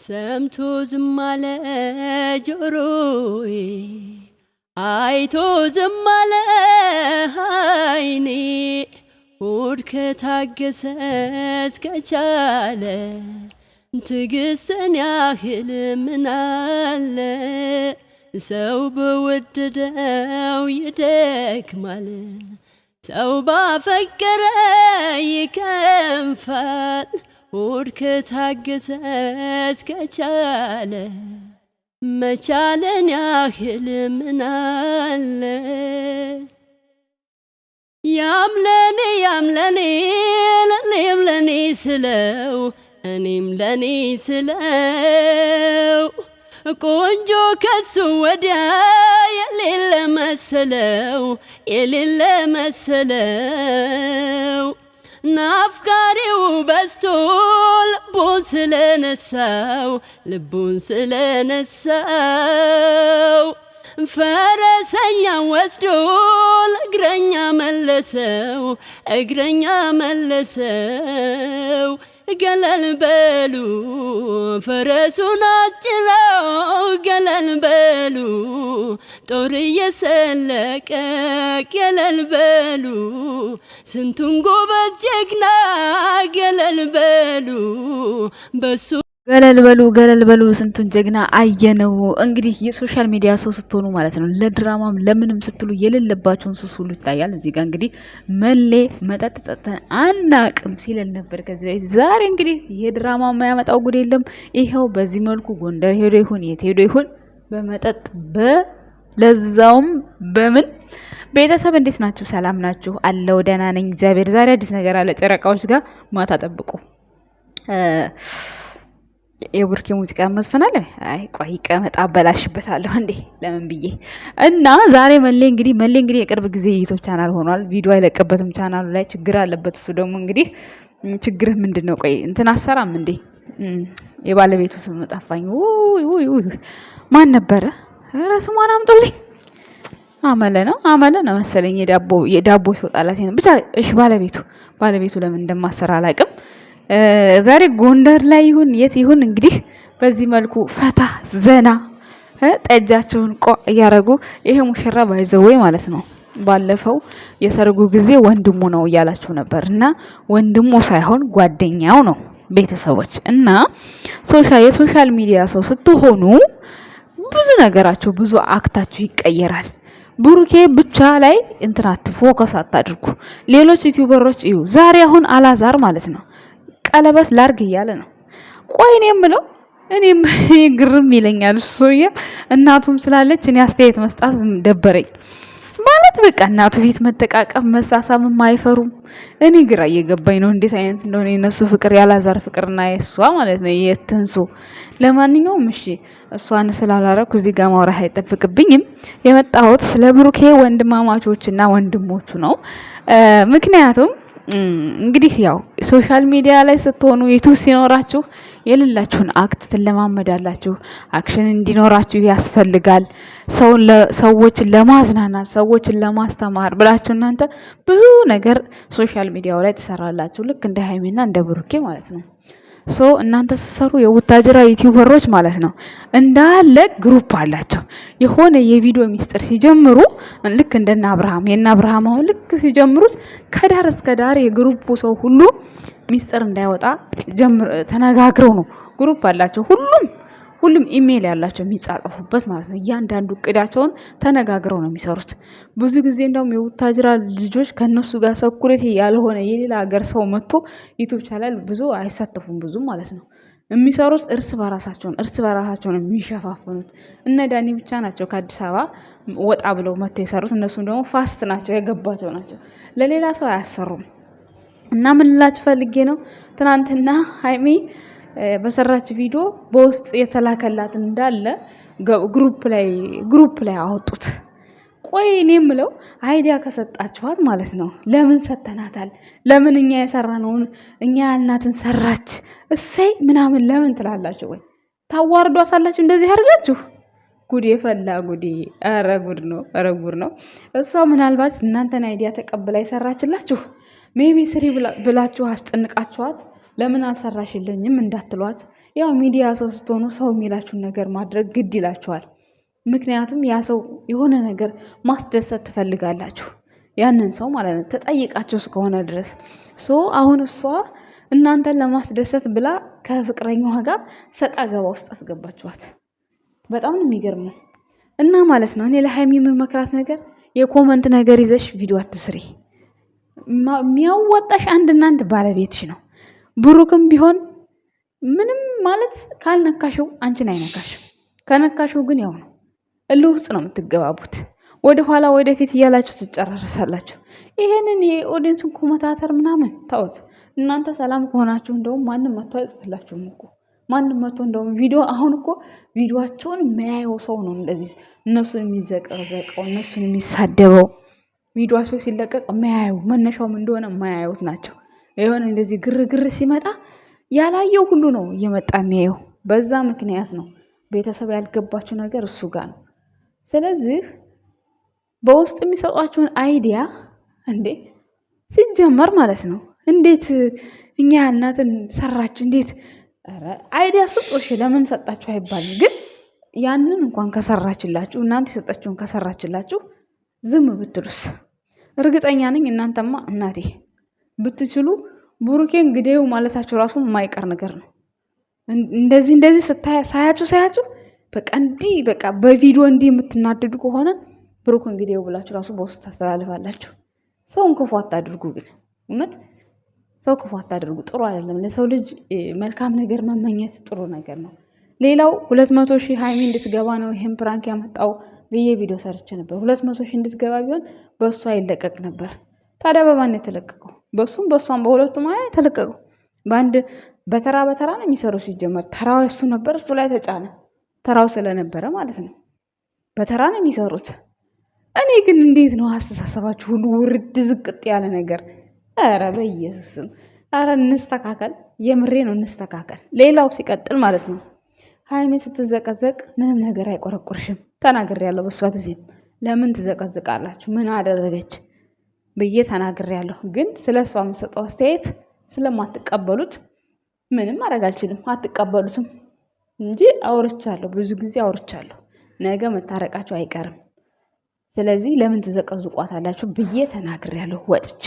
ሰምቶ ዝም አለ ጆሮዬ፣ አይቶ ዝም አለ ዓይኔ። ሆድ ከታገሰ እስከቻለ ትግስትን ያህል ምን አለ? ሰው በወደደው ይደክማል፣ ሰው ባፈቀረ ይከንፋል። ሆድ ከታገሰ እስከቻለ መቻለን ያህል ምናለ ያምለኔ ያምለኒ ለኔም ለኔ ስለው እኔም ለኔ ስለው ቆንጆ ከሱ ወዲያ የሌለ መሰለው የሌለ መሰለው ናፍቃሪው በዝቶ ልቡን ስለነሳው ልቡን ስለነሳው ፈረሰኛ ወስዶ እግረኛ መለሰው እግረኛ መለሰው ገለል በሉ ፈረሱን አጭነው ገለል በሉ ጦር እየሰለቀ ገለል በሉ ስንቱን ጎበዝ ጀግና ገለል በሉ በሱ ገለል በሉ ገለል በሉ ስንቱን ጀግና አየነው። እንግዲህ የሶሻል ሚዲያ ሰው ስትሆኑ ማለት ነው ለድራማም ለምንም ስትሉ የሌለባቸውን ሱስ ሁሉ ይታያል። እዚህ ጋር እንግዲህ መሌ መጠጥ ጠጥተን አናቅም ሲለል ነበር ከዚህ በፊት። ዛሬ እንግዲህ የድራማ የማያመጣው ጉድ የለም። ይኸው በዚህ መልኩ ጎንደር ሄዶ ይሁን የት ሄዶ ይሁን በመጠጥ ለዛውም በምን ቤተሰብ እንዴት ናችሁ? ሰላም ናችሁ? አለው ደህና ነኝ እግዚአብሔር። ዛሬ አዲስ ነገር አለ ጨረቃዎች ጋር ማታ ጠብቁ። የቡርኬ ሙዚቃ መዝፈናል። አይ ቆይ ቀመጣ አበላሽበታለሁ እንዴ ለምን ብዬ እና ዛሬ መሌ እንግዲህ መሌ እንግዲህ የቅርብ ጊዜ ዩቱብ ቻናል ሆኗል። ቪዲዮ አይለቀበትም ቻናሉ ላይ ችግር አለበት። እሱ ደግሞ እንግዲህ ችግርህ ምንድን ነው? ቆይ እንትን አሰራም እንዴ የባለቤቱ ስም ጠፋኝ። ማን ነበረ? ኧረ ስሟን አምጡልኝ። አመለ ነው አመለ ነው መሰለኝ የዳቦ የዳቦ ሲወጣላት ብቻ። እሺ ባለቤቱ ባለቤቱ ለምን እንደማሰራ አላውቅም። ዛሬ ጎንደር ላይ ይሁን የት ይሁን እንግዲህ በዚህ መልኩ ፈታ ዘና ጠጃቸውን ቆ እያደረጉ ይሄ ሙሽራ ባይዘወይ ማለት ነው። ባለፈው የሰርጉ ጊዜ ወንድሙ ነው እያላችሁ ነበር እና ወንድሙ ሳይሆን ጓደኛው ነው። ቤተሰቦች እና ሶሻል የሶሻል ሚዲያ ሰው ስትሆኑ ብዙ ነገራችሁ ብዙ አክታችሁ ይቀየራል። ብሩኬ ብቻ ላይ እንትናት ፎከስ አታድርጉ። ሌሎች ዩቲዩበሮች እዩ። ዛሬ አሁን አላዛር ማለት ነው ቀለበት ላርግ እያለ ነው። ቆይ እኔ የምለው እኔም ግርም ይለኛል። እሱ እናቱም ስላለች እኔ አስተያየት መስጣት ደበረኝ። ማለት በቃ እናቱ ፊት መጠቃቀም መሳሳምም አይፈሩም። እኔ ግራ እየገባኝ ነው እንዴት አይነት እንደሆነ የነሱ ፍቅር ያላዛር ፍቅርና የእሷ ማለት ነው የትንሱ። ለማንኛውም እሺ እሷን ስላላረኩ እዚህ ጋር ማውራት አይጠብቅብኝም። የመጣሁት ስለ ብሩኬ ወንድማማቾችና ወንድሞቹ ነው። ምክንያቱም እንግዲህ ያው ሶሻል ሚዲያ ላይ ስትሆኑ የቱ ሲኖራችሁ የሌላችሁን አክት ትለማመዳላችሁ። አክሽን እንዲኖራችሁ ያስፈልጋል። ሰዎችን ለማዝናናት፣ ሰዎችን ለማስተማር ብላችሁ እናንተ ብዙ ነገር ሶሻል ሚዲያው ላይ ትሰራላችሁ። ልክ እንደ ሀይሜና እንደ ብሩኬ ማለት ነው። ሶ እናንተ ስትሰሩ የቡታጅራ ዩቲዩበሮች ማለት ነው እንዳለ ግሩፕ አላቸው። የሆነ የቪዲዮ ሚስጥር ሲጀምሩ ልክ እንደነ አብርሃም የነ አብርሃም አሁን ልክ ሲጀምሩት ከዳር እስከ ዳር የግሩፑ ሰው ሁሉ ሚስጥር እንዳይወጣ ተነጋግረው ነው ግሩፕ አላቸው ሁሉም ሁሉም ኢሜይል ያላቸው የሚጻጠፉበት ማለት ነው። እያንዳንዱ እቅዳቸውን ተነጋግረው ነው የሚሰሩት። ብዙ ጊዜ እንደውም የቡታጅራ ልጆች ከእነሱ ጋር ሰኩሬት ያልሆነ የሌላ ሀገር ሰው መጥቶ ዩቱብ ቻናል ብዙ አይሳተፉም ብዙም ማለት ነው። የሚሰሩት እርስ በራሳቸውን እርስ በራሳቸውን የሚሸፋፍኑት እነ ዳኒ ብቻ ናቸው ከአዲስ አበባ ወጣ ብለው መጥተው የሰሩት። እነሱም ደግሞ ፋስት ናቸው የገባቸው ናቸው፣ ለሌላ ሰው አያሰሩም። እና ምን ልላችሁ ፈልጌ ነው ትናንትና ሀይሚ በሰራች ቪዲዮ በውስጥ የተላከላት እንዳለ ግሩፕ ላይ ግሩፕ ላይ አወጡት። ቆይ እኔ የምለው አይዲያ ከሰጣችኋት ማለት ነው። ለምን ሰተናታል? ለምን እኛ የሰራነውን እኛ ያልናትን ሰራች እሰይ ምናምን ለምን ትላላችሁ? ወይ ታዋርዷታላችሁ እንደዚህ አድርጋችሁ ጉድ የፈላ ጉድ! ኧረ ጉድ ነው! ኧረ ጉድ ነው! እሷ ምናልባት እናንተን አይዲያ ተቀብላ የሰራችላችሁ ሜቢ ስሪ ብላችሁ አስጨንቃችኋት ለምን አልሰራሽልኝም እንዳትሏት። ያው ሚዲያ ሰው ስትሆኑ ሰው የሚላችሁን ነገር ማድረግ ግድ ይላችኋል። ምክንያቱም ያ ሰው የሆነ ነገር ማስደሰት ትፈልጋላችሁ፣ ያንን ሰው ማለት ነው ተጠይቃችሁ እስከሆነ ድረስ ሶ አሁን እሷ እናንተን ለማስደሰት ብላ ከፍቅረኛዋ ጋር ሰጣ ገባ ውስጥ አስገባችኋት። በጣም ነው የሚገርመው። እና ማለት ነው እኔ ለሀይሚ የምመክራት ነገር የኮመንት ነገር ይዘሽ ቪዲዮ አትስሪ። የሚያዋጣሽ አንድና አንድ ባለቤትሽ ነው። ብሩክም ቢሆን ምንም ማለት ካልነካሽው አንቺን አይነካሽም። ከነካሽው ግን ያው ነው፣ እልህ ውስጥ ነው የምትገባቡት። ወደ ኋላ ወደፊት እያላችሁ ትጨራረሳላችሁ። ይሄንን የኦዲንስን ኮመታተር ምናምን ታወት። እናንተ ሰላም ከሆናችሁ እንደውም ማንም መቶ አይጽፍላችሁም እኮ ማንም መቶ እንደውም ቪዲዮ አሁን እኮ ቪዲዮቸውን መያየው ሰው ነው እንደዚህ እነሱን የሚዘቀዘቀው እነሱን የሚሳደበው ቪዲዮቸው ሲለቀቅ መያየው መነሻውም እንደሆነ ማያዩት ናቸው። የሆነ እንደዚህ ግርግር ሲመጣ ያላየው ሁሉ ነው እየመጣ የሚያየው። በዛ ምክንያት ነው ቤተሰብ ያልገባችው ነገር እሱ ጋር ነው። ስለዚህ በውስጥ የሚሰጧቸውን አይዲያ እንዴ ሲጀመር ማለት ነው እንዴት እኛ ያልናትን ሰራች እንዴት አይዲያ ስጡሽ ለምን ሰጣችሁ አይባልም። ግን ያንን እንኳን ከሰራችላችሁ እናንተ የሰጠችውን ከሰራችላችሁ ዝም ብትሉስ? እርግጠኛ ነኝ እናንተማ እናቴ ብትችሉ ብሩኬን ግደዩ ማለታቸው ራሱ የማይቀር ነገር ነው። እንደዚህ እንደዚህ ሳያችሁ ሳያችሁ በቃ እንዲህ በቃ በቪዲዮ እንዲህ የምትናደዱ ከሆነ ብሩክን ግደዩ ብላችሁ ራሱ በውስጥ ታስተላልፋላችሁ። ሰውን ክፉ አታድርጉ። ግን እውነት ሰው ክፉ አታድርጉ፣ ጥሩ አይደለም። ለሰው ልጅ መልካም ነገር መመኘት ጥሩ ነገር ነው። ሌላው ሁለት መቶ ሺህ ሀይሚ እንድትገባ ነው ይህም ፕራንክ ያመጣው ብዬ ቪዲዮ ሰርቼ ነበር። ሁለት መቶ ሺህ እንድትገባ ቢሆን በእሷ ይለቀቅ ነበር። ታዲያ በማን የተለቀቀው? በሱም በሷም በሁለቱ ማለት ተለቀቁ። በአንድ በተራ በተራ ነው የሚሰሩ። ሲጀመር ተራው እሱ ነበር፣ እሱ ላይ ተጫነ። ተራው ስለነበረ ማለት ነው። በተራ ነው የሚሰሩት። እኔ ግን እንዴት ነው አስተሳሰባችሁ ሁሉ ውርድ ዝቅጥ ያለ ነገር? ኧረ በኢየሱስም ኧረ እንስተካከል። የምሬ ነው እንስተካከል። ሌላው ሲቀጥል ማለት ነው ሀይሜ ስትዘቀዘቅ ምንም ነገር አይቆረቁርሽም። ተናግሬያለሁ። በእሷ ጊዜም ለምን ትዘቀዝቃላችሁ? ምን አደረገች? ብዬ ተናግሬያለሁ። ግን ስለ እሷ የምሰጠው አስተያየት ስለማትቀበሉት ምንም ማድረግ አልችልም። አትቀበሉትም እንጂ አውርቻለሁ፣ ብዙ ጊዜ አውርቻለሁ። ነገ መታረቃቸው አይቀርም። ስለዚህ ለምን ትዘቀዝቋታላችሁ ብዬ ተናግሬያለሁ። ወጥቼ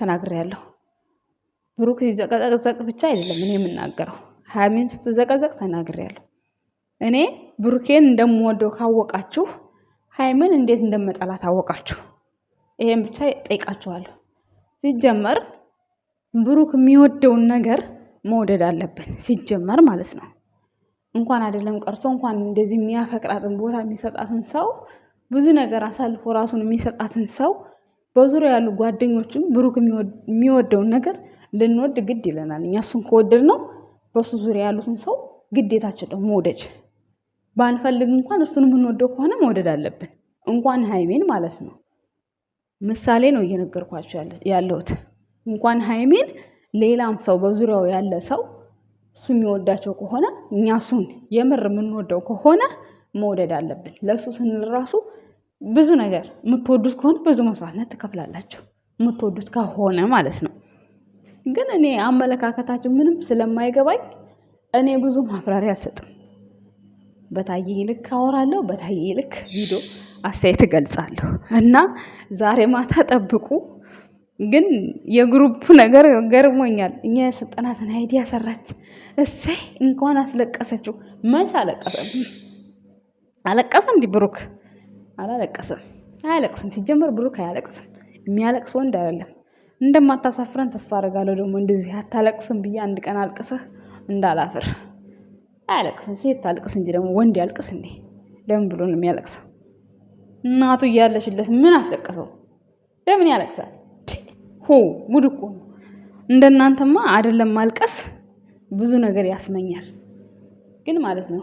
ተናግሬያለሁ። ብሩክ ሲዘቀዘቅ ብቻ አይደለም እኔ የምናገረው፣ ሀሚም ስትዘቀዘቅ ተናግሬያለሁ። እኔ ብሩኬን እንደምወደው ካወቃችሁ ሀይምን እንዴት እንደመጠላት አወቃችሁ። ይሄን ብቻ ጠይቃችኋለሁ። ሲጀመር ብሩክ የሚወደውን ነገር መውደድ አለብን ሲጀመር ማለት ነው። እንኳን አይደለም ቀርቶ እንኳን እንደዚህ የሚያፈቅራትን ቦታ የሚሰጣትን ሰው ብዙ ነገር አሳልፎ ራሱን የሚሰጣትን ሰው በዙሪያ ያሉ ጓደኞችም ብሩክ የሚወደውን ነገር ልንወድ ግድ ይለናል። እኛ እሱን ከወደድ ነው በእሱ ዙሪያ ያሉትን ሰው ግዴታችን ነው መውደድ። ባንፈልግ እንኳን እሱን የምንወደው ከሆነ መውደድ አለብን። እንኳን ሀይሜን ማለት ነው። ምሳሌ ነው እየነገርኳቸው ያለሁት። እንኳን ሀይሚን ሌላም ሰው በዙሪያው ያለ ሰው እሱ የሚወዳቸው ከሆነ እኛ እሱን የምር የምንወደው ከሆነ መውደድ አለብን። ለእሱ ስንል ራሱ ብዙ ነገር የምትወዱት ከሆነ ብዙ መስዋዕትነት ትከፍላላችሁ፣ የምትወዱት ከሆነ ማለት ነው። ግን እኔ አመለካከታችሁ ምንም ስለማይገባኝ እኔ ብዙ ማብራሪያ አልሰጥም። በታየ ልክ አወራለሁ፣ በታየ ልክ ቪዲዮ አስተያየት እገልጻለሁ እና ዛሬ ማታ ጠብቁ። ግን የግሩፕ ነገር ገርሞኛል። እኛ የሰጠናትን አይዲያ ሰራች። እሰይ እንኳን አስለቀሰችው። መች አለቀሰ? አለቀሰ እንዲህ ብሩክ አላለቀሰም። አያለቅስም። ሲጀመር ብሩክ አያለቅስም። የሚያለቅስ ወንድ አይደለም። እንደማታሳፍረን ተስፋ አደርጋለሁ። ደግሞ እንደዚህ አታለቅስም ብዬ አንድ ቀን አልቅስህ እንዳላፍር። አያለቅስም። ሴት ታልቅስ እንጂ ደግሞ ወንድ ያልቅስ እንዴ? ለምን ብሎ ነው የሚያለቅሰው? እናቱ እያለችለት ምን አስለቀሰው? ለምን ያለቅሳል? ሆ ጉድ እኮ ነው። እንደናንተማ አይደለም ማልቀስ ብዙ ነገር ያስመኛል። ግን ማለት ነው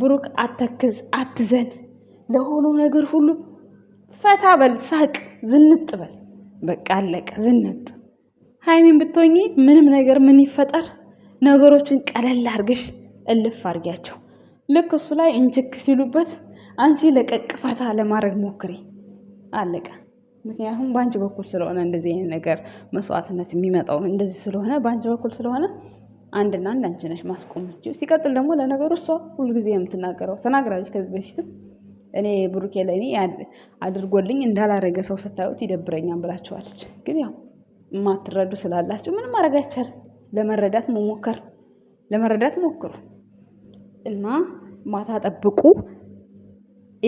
ብሩክ አተክዝ፣ አትዘን፣ ለሆኖ ነገር ሁሉ ፈታ በል፣ ሳቅ፣ ዝንጥ በል። በቃ አለቀ፣ ዝንጥ። ሀይሚን ብትሆኚ ምንም ነገር ምን ይፈጠር ነገሮችን ቀለል አርገሽ እልፍ አርጊያቸው። ልክ እሱ ላይ እንችክ ሲሉበት አንቺ ለቀቅ ፈታ ለማድረግ ሞክሪ፣ አለቀ። ምክንያቱም በአንቺ በኩል ስለሆነ እንደዚህ አይነት ነገር መስዋዕትነት የሚመጣው እንደዚህ ስለሆነ በአንቺ በኩል ስለሆነ አንድና አንድ አንቺ ነሽ ማስቆም እንጂ። ሲቀጥል ደግሞ ለነገሩ እሷ ሁልጊዜ የምትናገረው ተናግራለች ከዚህ በፊትም እኔ ብሩኬ ለእኔ አድርጎልኝ እንዳላረገ ሰው ስታዩት ይደብረኛል ብላችኋለች። ግን ያው የማትረዱ ስላላችሁ ምንም ማድረግ አይቻልም። ለመረዳት መሞከር ለመረዳት ሞክሩ እና ማታ ጠብቁ።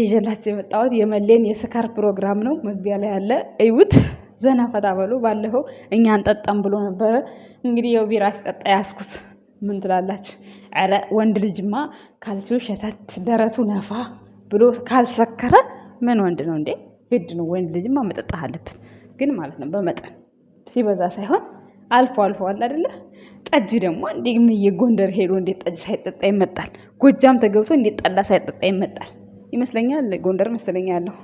ይዤላችሁ የመጣሁት የመሌን የስካር ፕሮግራም ነው። መግቢያ ላይ ያለ እዩት፣ ዘና ፈታ በሉ። ባለፈው እኛ አንጠጣም ብሎ ነበረ። እንግዲህ የው ቢራ ሲጠጣ ያስኩት ምን ትላላችሁ? ኧረ ወንድ ልጅማ ካልሲው ሸተት ደረቱ ነፋ ብሎ ካልሰከረ ምን ወንድ ነው እንዴ? ግድ ነው ወንድ ልጅማ መጠጣ አለበት። ግን ማለት ነው በመጠን ሲበዛ ሳይሆን አልፎ አልፎ አለ አይደለ? ጠጅ ደግሞ እንዴ የጎንደር ሄዶ እንዴት ጠጅ ሳይጠጣ ይመጣል? ጎጃም ተገብቶ እንዴት ጠላ ሳይጠጣ ይመጣል? ይመስለኛል ጎንደር መስለኛ ያለው